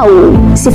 au 0678813891.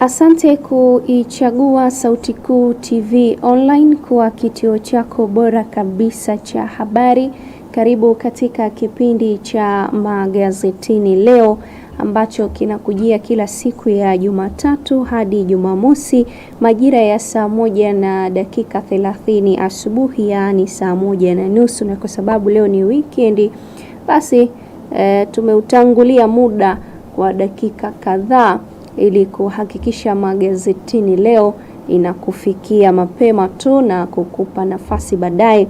Asante kuichagua Sauti Kuu TV Online kuwa kituo chako bora kabisa cha habari. Karibu katika kipindi cha magazetini leo ambacho kinakujia kila siku ya Jumatatu hadi Jumamosi majira ya saa moja na dakika thelathini asubuhi, yaani saa moja na nusu, na kwa sababu leo ni weekend, basi e, tumeutangulia muda kwa dakika kadhaa ili kuhakikisha magazetini leo inakufikia mapema tu na kukupa nafasi baadaye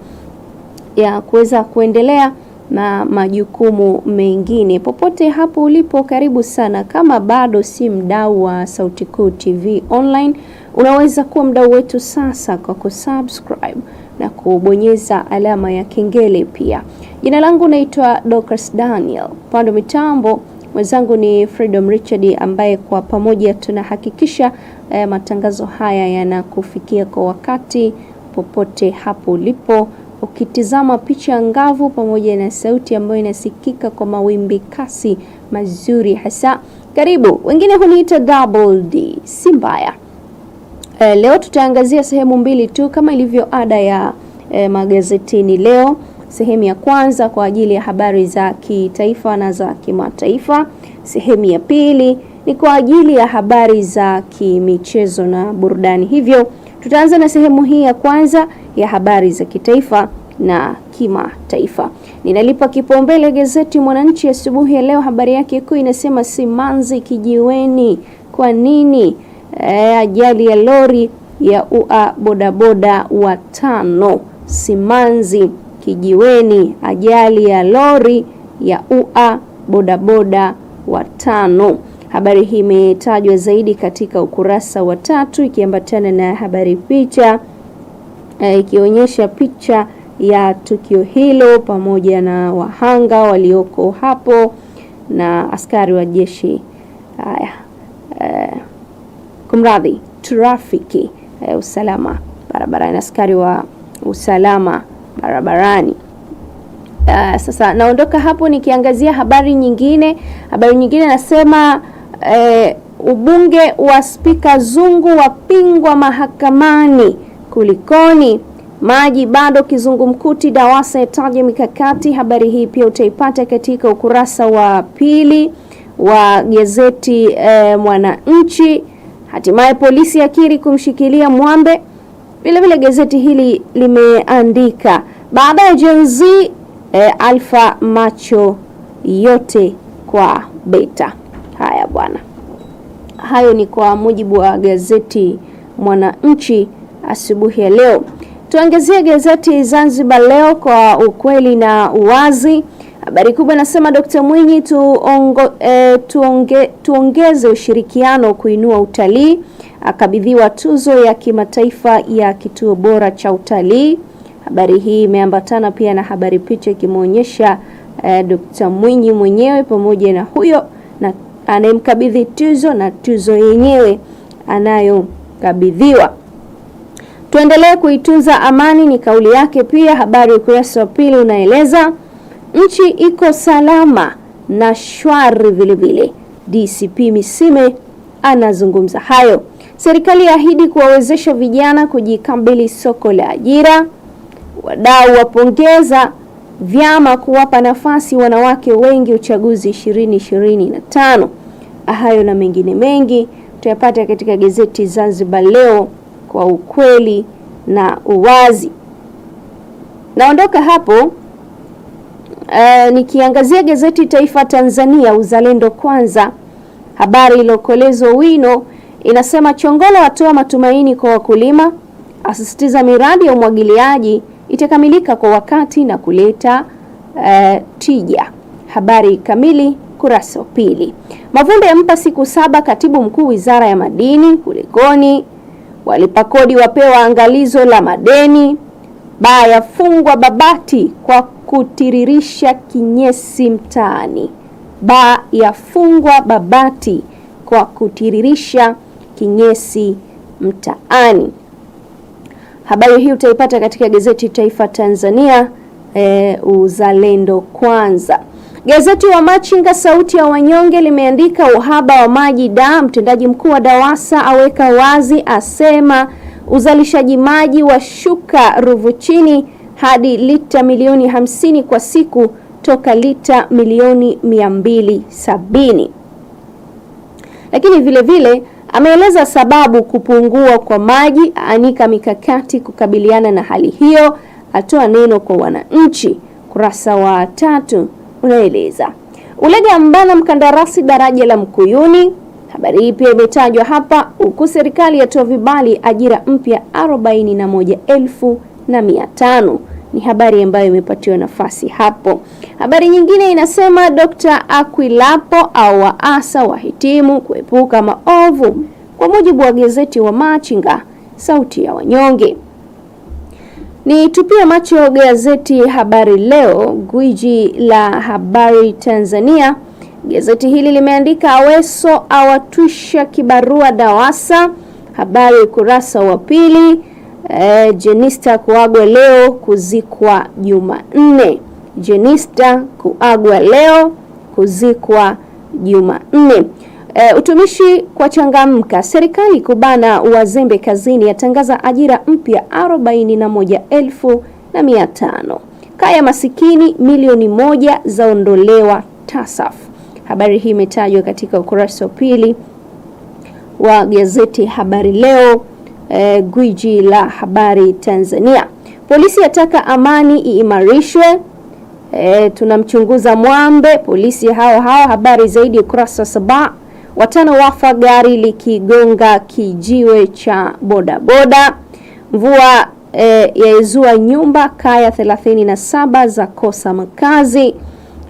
ya kuweza kuendelea na majukumu mengine. Popote hapo ulipo, karibu sana. Kama bado si mdau wa Sauti Kuu TV Online, unaweza kuwa mdau wetu sasa kwa kusubscribe na kubonyeza alama ya kengele. Pia jina langu naitwa Dorcas Daniel, pando mitambo mwenzangu ni Freedom Richard, ambaye kwa pamoja tunahakikisha eh, matangazo haya yanakufikia kwa wakati popote hapo ulipo ukitizama picha ngavu pamoja na sauti ambayo inasikika kwa mawimbi kasi mazuri hasa. Karibu, wengine huniita Double D, si mbaya. E, leo tutaangazia sehemu mbili tu kama ilivyo ada ya e, magazetini leo. Sehemu ya kwanza kwa ajili ya habari za kitaifa na za kimataifa. Sehemu ya pili ni kwa ajili ya habari za kimichezo na burudani. Hivyo tutaanza na sehemu hii ya kwanza ya habari za kitaifa na kimataifa. Ninalipa kipaumbele gazeti Mwananchi asubuhi ya, ya leo, habari yake kuu inasema simanzi kijiweni, kwa nini e, ajali ya lori ya ua bodaboda watano. Simanzi kijiweni, ajali ya lori ya ua bodaboda watano. Habari hii imetajwa zaidi katika ukurasa wa tatu ikiambatana na habari picha e, ikionyesha picha ya tukio hilo pamoja na wahanga walioko hapo na askari wa jeshi. Haya, e, kumradhi, trafiki e, usalama barabarani, askari wa usalama barabarani. Uh, sasa naondoka hapo nikiangazia habari nyingine. Habari nyingine nasema eh, ubunge wa Spika Zungu wapingwa mahakamani Kulikoni? Maji bado kizungumkuti. DAWASA yataja mikakati. Habari hii pia utaipata katika ukurasa wa pili wa gazeti e, Mwananchi. Hatimaye polisi akiri kumshikilia Mwambe. Vilevile gazeti hili limeandika baada ya Gen Z e, eh, alfa macho yote kwa beta. Haya bwana, hayo ni kwa mujibu wa gazeti Mwananchi asubuhi ya leo. Tuangazie gazeti Zanzibar Leo kwa ukweli na uwazi. Habari kubwa nasema Dkt. Mwinyi tuongo, e, tuonge, tuongeze ushirikiano kuinua utalii. Akabidhiwa tuzo ya kimataifa ya kituo bora cha utalii. Habari hii imeambatana pia na habari picha ikimwonyesha e, eh, Dkt. Mwinyi mwenyewe pamoja na huyo na anayemkabidhi tuzo na tuzo yenyewe anayokabidhiwa. Tuendelee kuitunza amani ni kauli yake. Pia habari ya ukurasa wa pili unaeleza nchi iko salama na shwari vilevile. DCP Misime anazungumza hayo. Serikali yaahidi kuwawezesha vijana kujikabili soko la ajira. Wadau wapongeza vyama kuwapa nafasi wanawake wengi uchaguzi 2025. Hayo na mengine mengi tuyapata katika gazeti Zanzibar Leo kwa ukweli na uwazi. Naondoka hapo uh, nikiangazia gazeti Taifa Tanzania Uzalendo Kwanza. Habari iliyokolezwa wino inasema Chongolo atoa matumaini kwa wakulima, asisitiza miradi ya umwagiliaji itakamilika kwa wakati na kuleta uh, tija. Habari kamili kurasa wa pili. Mavunde yampa siku saba katibu mkuu wizara ya madini kulikoni Walipa kodi wapewa angalizo la madeni. Baa yafungwa Babati kwa kutiririsha kinyesi mtaani. Baa yafungwa Babati kwa kutiririsha kinyesi mtaani. Habari hii utaipata katika gazeti Taifa Tanzania e, uzalendo kwanza. Gazeti wa Machinga sauti ya wanyonge limeandika uhaba wa maji da, mtendaji mkuu wa DAWASA aweka wazi, asema uzalishaji maji wa Ruvu chini hadi lita milioni 50 kwa siku toka lita milioni 270. Lakini vile vile ameeleza sababu kupungua kwa maji, anika mikakati kukabiliana na hali hiyo, atoa neno kwa wananchi. Kurasa wa tatu unaeleza Ulega ambana mkandarasi daraja la Mkuyuni. Habari hii pia imetajwa hapa, huku serikali yatoa vibali ajira mpya 41,500 ni habari ambayo imepatiwa nafasi hapo. Habari nyingine inasema Dr. Akwilapo au waasa wahitimu kuepuka maovu, kwa mujibu wa gazeti wa Machinga, sauti ya wanyonge. Ni tupia macho gazeti Habari Leo, gwiji la habari Tanzania. Gazeti hili limeandika Aweso awatwisha kibarua Dawasa, habari ukurasa wa pili. E, Jenista kuagwa leo kuzikwa Jumanne. Jenista kuagwa leo kuzikwa Jumanne. E, utumishi kwa changamka. Serikali kubana wazembe kazini, yatangaza ajira mpya 41,500. Kaya masikini milioni moja zaondolewa TASAF. Habari hii imetajwa katika ukurasa wa pili wa gazeti Habari Leo, e, gwiji la habari Tanzania. Polisi yataka amani iimarishwe. E, tunamchunguza Mwambe, polisi hao hao. Habari zaidi ukurasa wa saba watano wafa gari likigonga kijiwe cha bodaboda. Mvua e, yaizua nyumba kaya 37 za kosa makazi,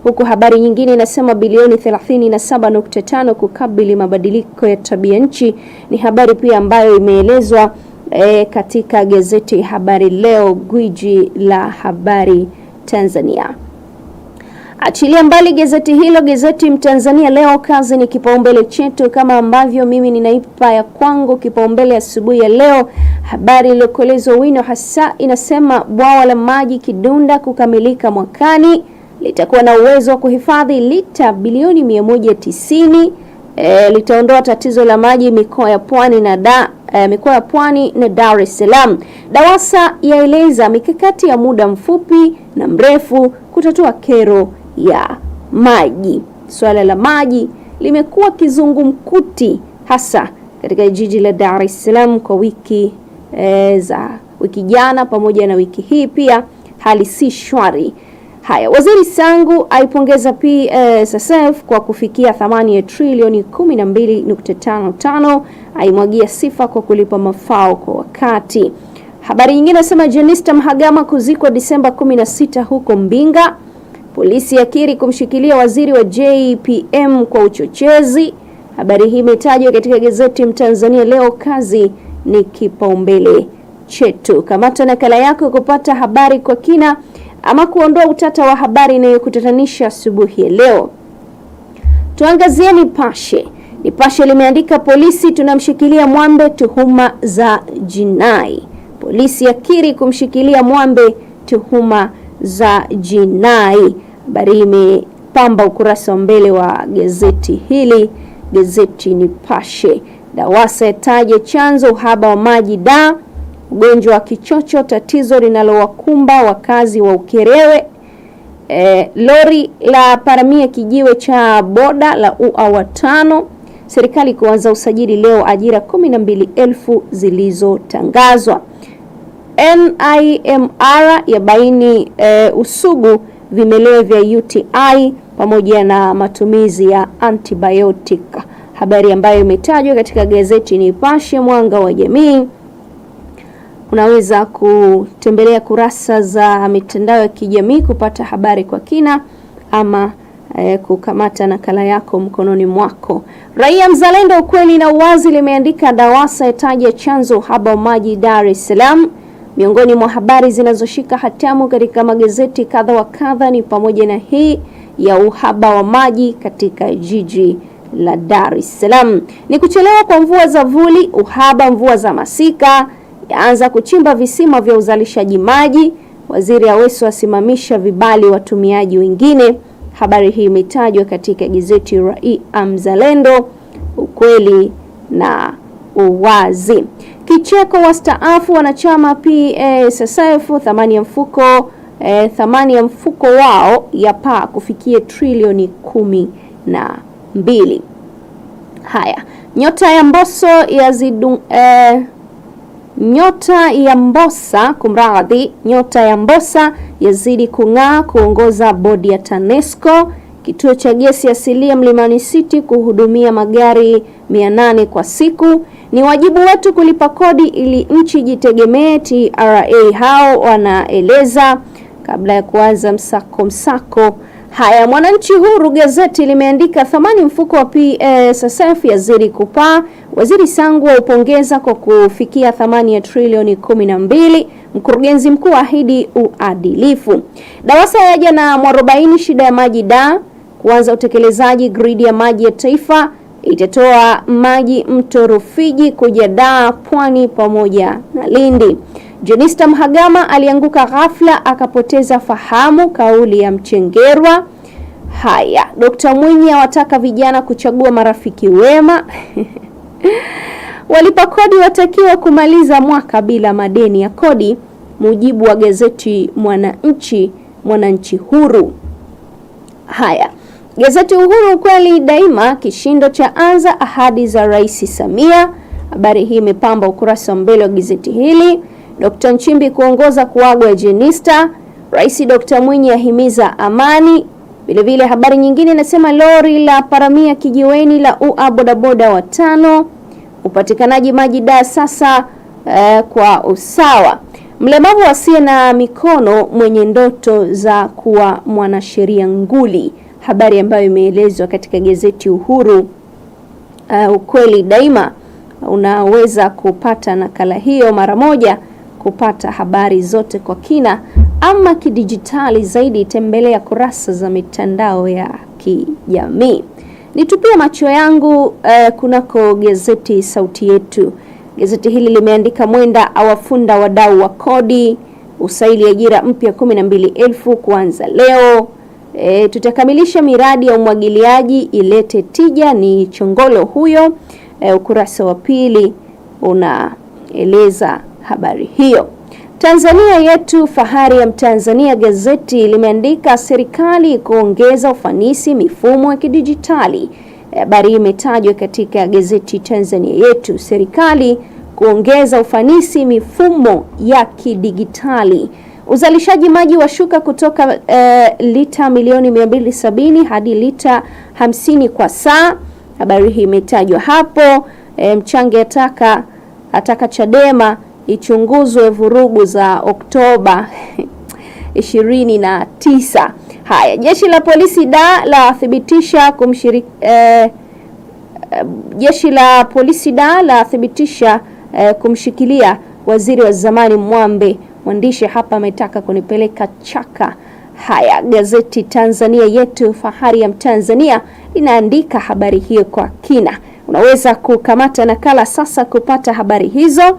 huku habari nyingine inasema bilioni 37.5 kukabili mabadiliko ya tabia nchi. Ni habari pia ambayo imeelezwa e, katika gazeti Habari Leo, gwiji la habari Tanzania. Achilia mbali gazeti hilo, gazeti Mtanzania Leo, kazi ni kipaumbele chetu, kama ambavyo mimi ninaipa ya kwangu kipaumbele asubuhi ya, ya leo. Habari iliyokolezwa wino hasa inasema bwawa la maji Kidunda kukamilika mwakani, litakuwa na uwezo wa kuhifadhi lita bilioni 190. E, litaondoa tatizo la maji mikoa ya Pwani na da e, mikoa ya Pwani na Dar es Salaam. DAWASA yaeleza mikakati ya muda mfupi na mrefu kutatua kero ya maji. Swala la maji limekuwa kizungumkuti hasa katika jiji la Dar es Salaam kwa wiki e, za wiki jana pamoja na wiki hii pia, hali si shwari. Haya, Waziri Sangu aipongeza PSSF kwa kufikia thamani ya trilioni 12.55, aimwagia sifa kwa kulipa mafao kwa wakati. Habari nyingine nasema Jenista Mhagama kuzikwa Disemba 16 huko Mbinga. Polisi yakiri kumshikilia waziri wa JPM kwa uchochezi. Habari hii imetajwa katika gazeti Mtanzania leo, kazi ni kipaumbele chetu. Kamata nakala yako kupata habari kwa kina ama kuondoa utata wa habari inayokutatanisha asubuhi ya leo. Tuangazie Nipashe. Nipashe limeandika polisi tunamshikilia Mwambe tuhuma za jinai. Polisi yakiri kumshikilia Mwambe tuhuma za jinai. Habari hii imepamba ukurasa wa mbele wa gazeti hili, gazeti Nipashe. DAWASA yataja chanzo uhaba wa maji da ugonjwa wa kichocho, tatizo linalowakumba wakazi wa Ukerewe. E, lori la paramia kijiwe cha boda la ua watano. Serikali kuanza usajili leo, ajira 12,000 zilizotangazwa. NIMR yabaini e, eh, usugu vimelea vya UTI pamoja na matumizi ya antibiotic, habari ambayo imetajwa katika gazeti Nipashe Mwanga wa Jamii. Unaweza kutembelea kurasa za mitandao ya kijamii kupata habari kwa kina ama eh, kukamata nakala yako mkononi mwako. Raia Mzalendo, ukweli na uwazi, limeandika DAWASA yataja chanzo uhaba wa maji Dar es Salaam. Miongoni mwa habari zinazoshika hatamu katika magazeti kadha wa kadha ni pamoja na hii ya uhaba wa maji katika jiji la Dar es Salaam, ni kuchelewa kwa mvua za vuli, uhaba mvua za masika, yaanza kuchimba visima vya uzalishaji maji, waziri Aweso asimamisha vibali watumiaji wengine. Habari hii imetajwa katika gazeti Raia Mzalendo, ukweli na uwazi. Kicheko wastaafu wanachama PASSF, thamani ya mfuko eh, thamani ya mfuko wao ya paa kufikia trilioni kumi na mbili. Haya, nyota ya mboso ya zidu, eh, nyota ya mbosa kumradhi, nyota ya mbosa yazidi kung'aa kuongoza bodi ya TANESCO kituo cha gesi asilia Mlimani City kuhudumia magari 800 kwa siku. Ni wajibu wetu kulipa kodi ili nchi jitegemee, TRA hao wanaeleza kabla ya kuanza msako msako. Haya, Mwananchi Huru gazeti limeandika thamani mfuko wa PSSF yazidi kupaa. Waziri Sangu aupongeza kwa kufikia thamani ya trilioni 12. Mkurugenzi mkuu ahidi uadilifu. DAWASA yaja na mwarobaini shida ya maji da kuanza utekelezaji gridi ya maji ya taifa itatoa maji mto Rufiji kujadaa Pwani pamoja na Lindi. Jenista Mhagama alianguka ghafla akapoteza fahamu, kauli ya Mchengerwa. Haya, Dr. Mwinyi awataka vijana kuchagua marafiki wema. Walipa kodi watakiwa kumaliza mwaka bila madeni ya kodi, mujibu wa gazeti Mwananchi, Mwananchi Huru. Haya. Gazeti Uhuru ukweli daima, kishindo cha anza ahadi za Rais Samia. Habari hii imepamba ukurasa wa mbele wa gazeti hili. Dr. Nchimbi kuongoza kuagwa Jenista. Rais Dr. Mwinyi ahimiza amani. Vilevile habari nyingine inasema lori la paramia kijiweni la ua bodaboda watano. Upatikanaji maji daa sasa eh, kwa usawa. Mlemavu asiye na mikono mwenye ndoto za kuwa mwanasheria nguli habari ambayo imeelezwa katika gazeti Uhuru, uh, ukweli daima. Unaweza kupata nakala hiyo mara moja kupata habari zote kwa kina, ama kidijitali zaidi, tembelea kurasa za mitandao ya kijamii. Nitupie macho yangu uh, kunako gazeti Sauti Yetu. Gazeti hili limeandika Mwenda awafunda wadau wa kodi, usaili ajira mpya 12,000 kuanza leo E, tutakamilisha miradi ya umwagiliaji ilete tija, ni Chongolo huyo. E, ukurasa wa pili unaeleza habari hiyo. Tanzania yetu fahari ya Mtanzania gazeti limeandika serikali kuongeza ufanisi mifumo ya kidijitali. E, habari hii imetajwa katika gazeti Tanzania yetu, serikali kuongeza ufanisi mifumo ya kidijitali. Uzalishaji maji wa shuka kutoka e, lita milioni 270 hadi lita 50 kwa saa. Habari hii imetajwa hapo. E, eh, Mchange ataka ataka Chadema ichunguzwe vurugu za Oktoba 29. Haya, jeshi la polisi da la thibitisha kumshiriki e, eh, jeshi la polisi da la thibitisha e, kumshikilia waziri wa zamani Mwambe Mwandishi hapa ametaka kunipeleka chaka. Haya, gazeti Tanzania Yetu, fahari ya Mtanzania, inaandika habari hiyo kwa kina. Unaweza kukamata nakala sasa kupata habari hizo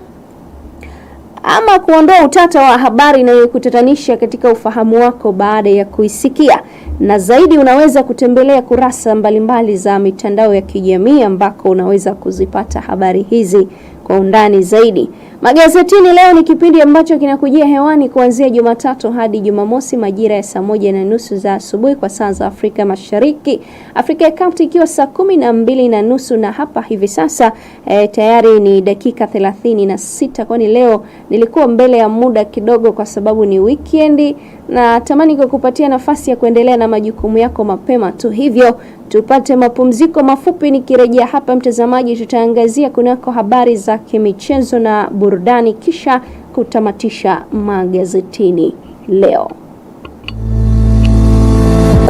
ama kuondoa utata wa habari inayokutatanisha katika ufahamu wako baada ya kuisikia. Na zaidi unaweza kutembelea kurasa mbalimbali za mitandao ya kijamii ambako unaweza kuzipata habari hizi kwa undani zaidi. Magazetini leo ni kipindi ambacho kinakujia hewani kuanzia Jumatatu hadi Jumamosi majira ya saa moja na nusu za asubuhi kwa saa za Afrika Mashariki, Afrika ya Kati ikiwa saa kumi na mbili na nusu na hapa hivi sasa eh, tayari ni dakika thelathini na sita kwani leo nilikuwa mbele ya muda kidogo kwa sababu ni weekend na tamani kwa kupatia nafasi ya kuendelea na majukumu yako mapema tu, hivyo tupate mapumziko mafupi. Nikirejea hapa, mtazamaji, tutaangazia kunako habari za kimichezo na burudani kisha kutamatisha magazetini leo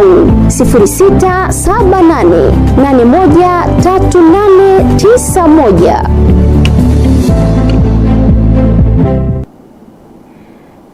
au 0678813891.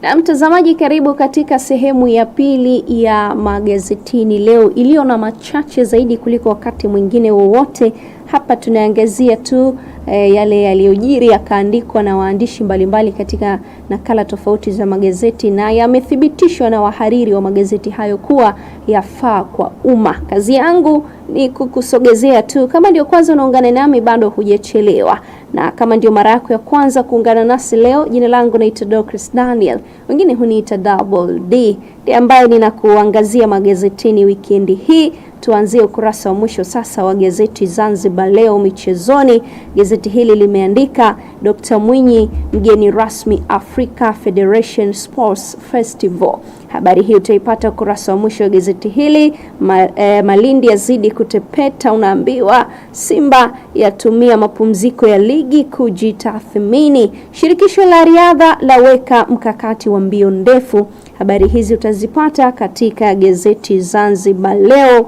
Na mtazamaji, karibu katika sehemu ya pili ya magazetini leo iliyo na machache zaidi kuliko wakati mwingine wowote. Hapa tunaangazia tu e, yale yaliyojiri yakaandikwa na waandishi mbalimbali katika nakala tofauti za magazeti na yamethibitishwa na wahariri wa magazeti hayo kuwa yafaa kwa umma. Kazi yangu ni kukusogezea tu. Kama ndio kwanza unaungana nami, bado hujachelewa, na kama ndio mara yako ya kwanza kuungana nasi leo, jina langu naitwa Dorcas Daniel, wengine huniita Double D, ndiye ambaye ninakuangazia magazetini wikendi hii Tuanzie ukurasa wa mwisho sasa wa gazeti Zanzibar Leo michezoni. Gazeti hili limeandika Dkt Mwinyi mgeni rasmi Africa Federation Sports Festival. Habari hii utaipata ukurasa wa mwisho wa gazeti hili. Ma, eh, Malindi yazidi kutepeta, unaambiwa Simba yatumia mapumziko ya ligi kujitathmini. Shirikisho la riadha laweka mkakati wa mbio ndefu. Habari hizi utazipata katika gazeti Zanzibar Leo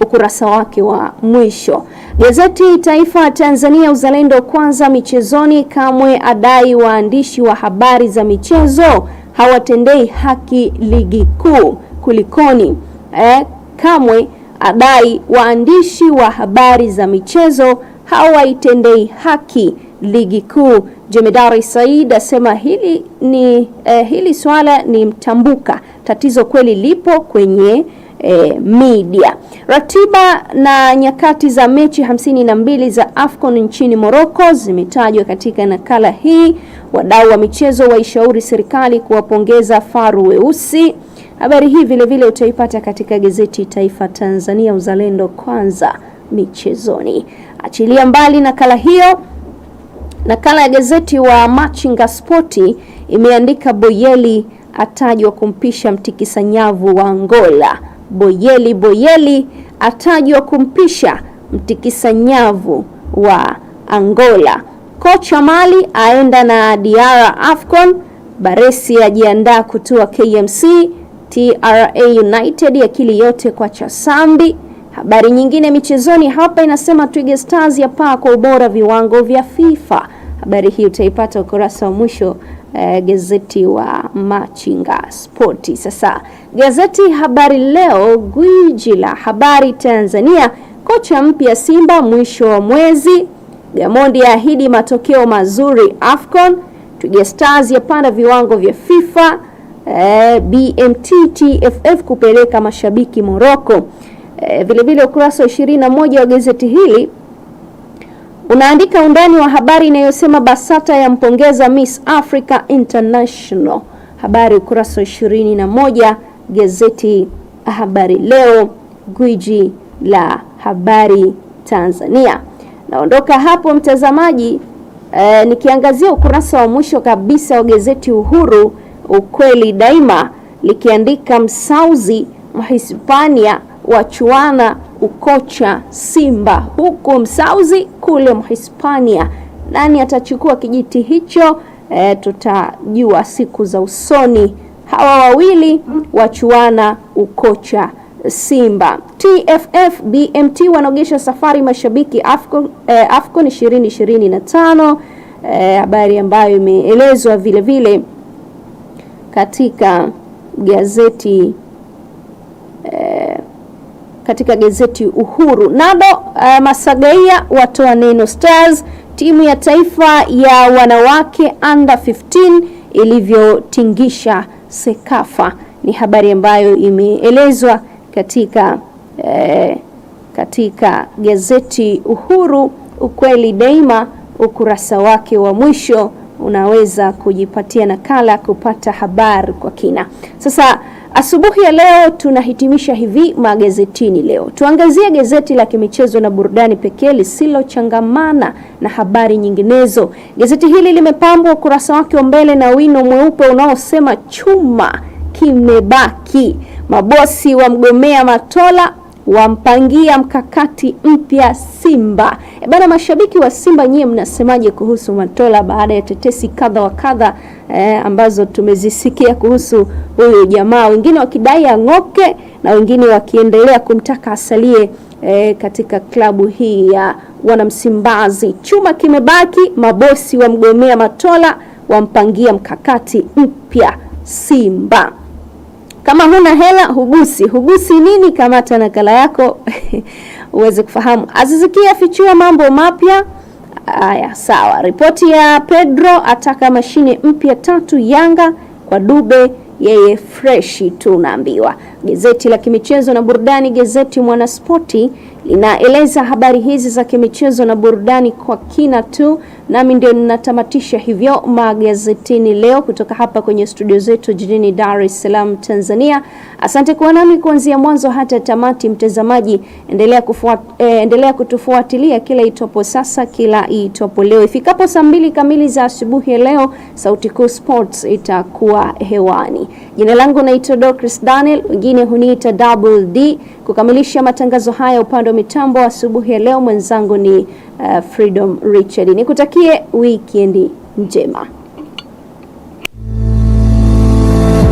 ukurasa wake wa mwisho. Gazeti Taifa Tanzania Uzalendo Kwanza michezoni, Kamwe adai waandishi wa habari za michezo hawatendei haki ligi kuu, kulikoni? Eh, Kamwe adai waandishi wa habari za michezo hawaitendei haki ligi kuu. Jemedari Said asema hili ni eh, hili swala ni mtambuka, tatizo kweli lipo kwenye E, media. Ratiba na nyakati za mechi hamsini na mbili za Afcon nchini Morocco zimetajwa katika nakala hii. Wadau wa michezo waishauri serikali kuwapongeza faru weusi. Habari hii vile vile utaipata katika gazeti Taifa Tanzania, Uzalendo Kwanza michezoni. Achilia mbali nakala hiyo, nakala ya gazeti wa Machinga Sporti imeandika Boyeli atajwa kumpisha mtikisa nyavu wa Angola. Boyeli Boyeli atajwa kumpisha mtikisa nyavu wa Angola. Kocha Mali aenda na Diara Afcon. Baresi ajiandaa kutua KMC. TRA United akili yote kwa Chasambi. Habari nyingine michezoni hapa inasema Twiga Stars yapaa kwa ubora viwango vya FIFA. Habari hii utaipata ukurasa wa mwisho eh, gazeti wa Machinga Spoti. Sasa gazeti Habari Leo, gwiji la habari Tanzania, kocha mpya Simba mwisho wa mwezi, Gamondi ahidi matokeo mazuri Afcon, Twiga Stars yapanda viwango vya FIFA, eh, BMT TFF kupeleka mashabiki Morocco. Eh, vilevile ukurasa wa 21 wa gazeti hili unaandika undani wa habari inayosema BASATA yampongeza Miss Africa International, habari ukurasa wa 21 gazeti Habari Leo, gwiji la habari Tanzania. Naondoka hapo mtazamaji, e, nikiangazia ukurasa wa mwisho kabisa wa gazeti Uhuru, ukweli daima, likiandika msauzi Mhispania wachuana ukocha Simba huku Msauzi kule Mhispania. Nani atachukua kijiti hicho? E, tutajua siku za usoni. Hawa wawili wachuana ukocha Simba. TFF BMT wanaogesha safari mashabiki Afcon, eh, Afcon 2025 eh, habari eh, ambayo imeelezwa vile vile katika gazeti eh, katika gazeti Uhuru. Nado uh, Masagaia watoa neno Stars, timu ya taifa ya wanawake under 15 ilivyotingisha Sekafa, ni habari ambayo imeelezwa katika eh, katika gazeti Uhuru, ukweli daima, ukurasa wake wa mwisho. Unaweza kujipatia nakala kupata habari kwa kina. Sasa Asubuhi ya leo tunahitimisha hivi magazetini leo. Tuangazie gazeti la kimichezo na burudani pekee lisilochangamana na habari nyinginezo. Gazeti hili limepambwa ukurasa wake wa mbele na wino mweupe unaosema chuma kimebaki. Mabosi wa mgomea Matola wampangia mkakati mpya Simba. E bana, mashabiki wa Simba nyie, mnasemaje kuhusu Matola baada ya tetesi kadha wa kadha eh, ambazo tumezisikia kuhusu huyu jamaa, wengine wakidai ang'oke na wengine wakiendelea kumtaka asalie eh, katika klabu hii ya wanamsimbazi. Chuma kimebaki, mabosi wamgomea Matola, wampangia mkakati mpya Simba. Kama huna hela hugusi. Hugusi nini? Kamata nakala yako uweze kufahamu. azizikia fichua mambo mapya. Haya, sawa. Ripoti ya Pedro ataka mashine mpya tatu Yanga kwa Dube, yeye freshi tu naambiwa. Gazeti la kimichezo na burudani, gazeti Mwanaspoti linaeleza habari hizi za kimichezo na burudani kwa kina tu. Nami ndio ninatamatisha hivyo magazetini leo kutoka hapa kwenye studio zetu jijini Dar es Salaam, Tanzania. Asante kuwa nami kuanzia mwanzo hata tamati. Mtazamaji, endelea kufuat, eh, endelea kutufuatilia kila itopo sasa, kila itopo leo. Ifikapo saa mbili kamili za asubuhi leo, Sauti Kuu Sports itakuwa hewani. Jina langu naitwa Dorcas Daniel, wengine huniita Double D. Kukamilisha matangazo haya upande wa mitambo asubuhi ya leo, mwenzangu ni Uh, Freedom Richard, nikutakie weekend njema.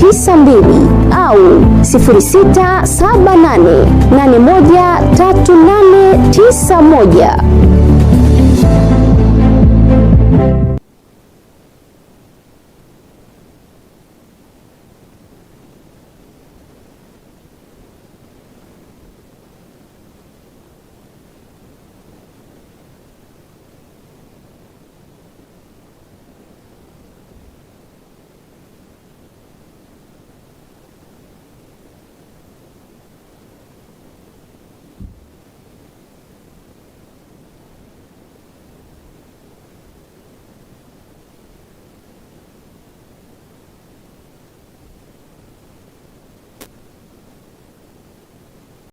mbili au moja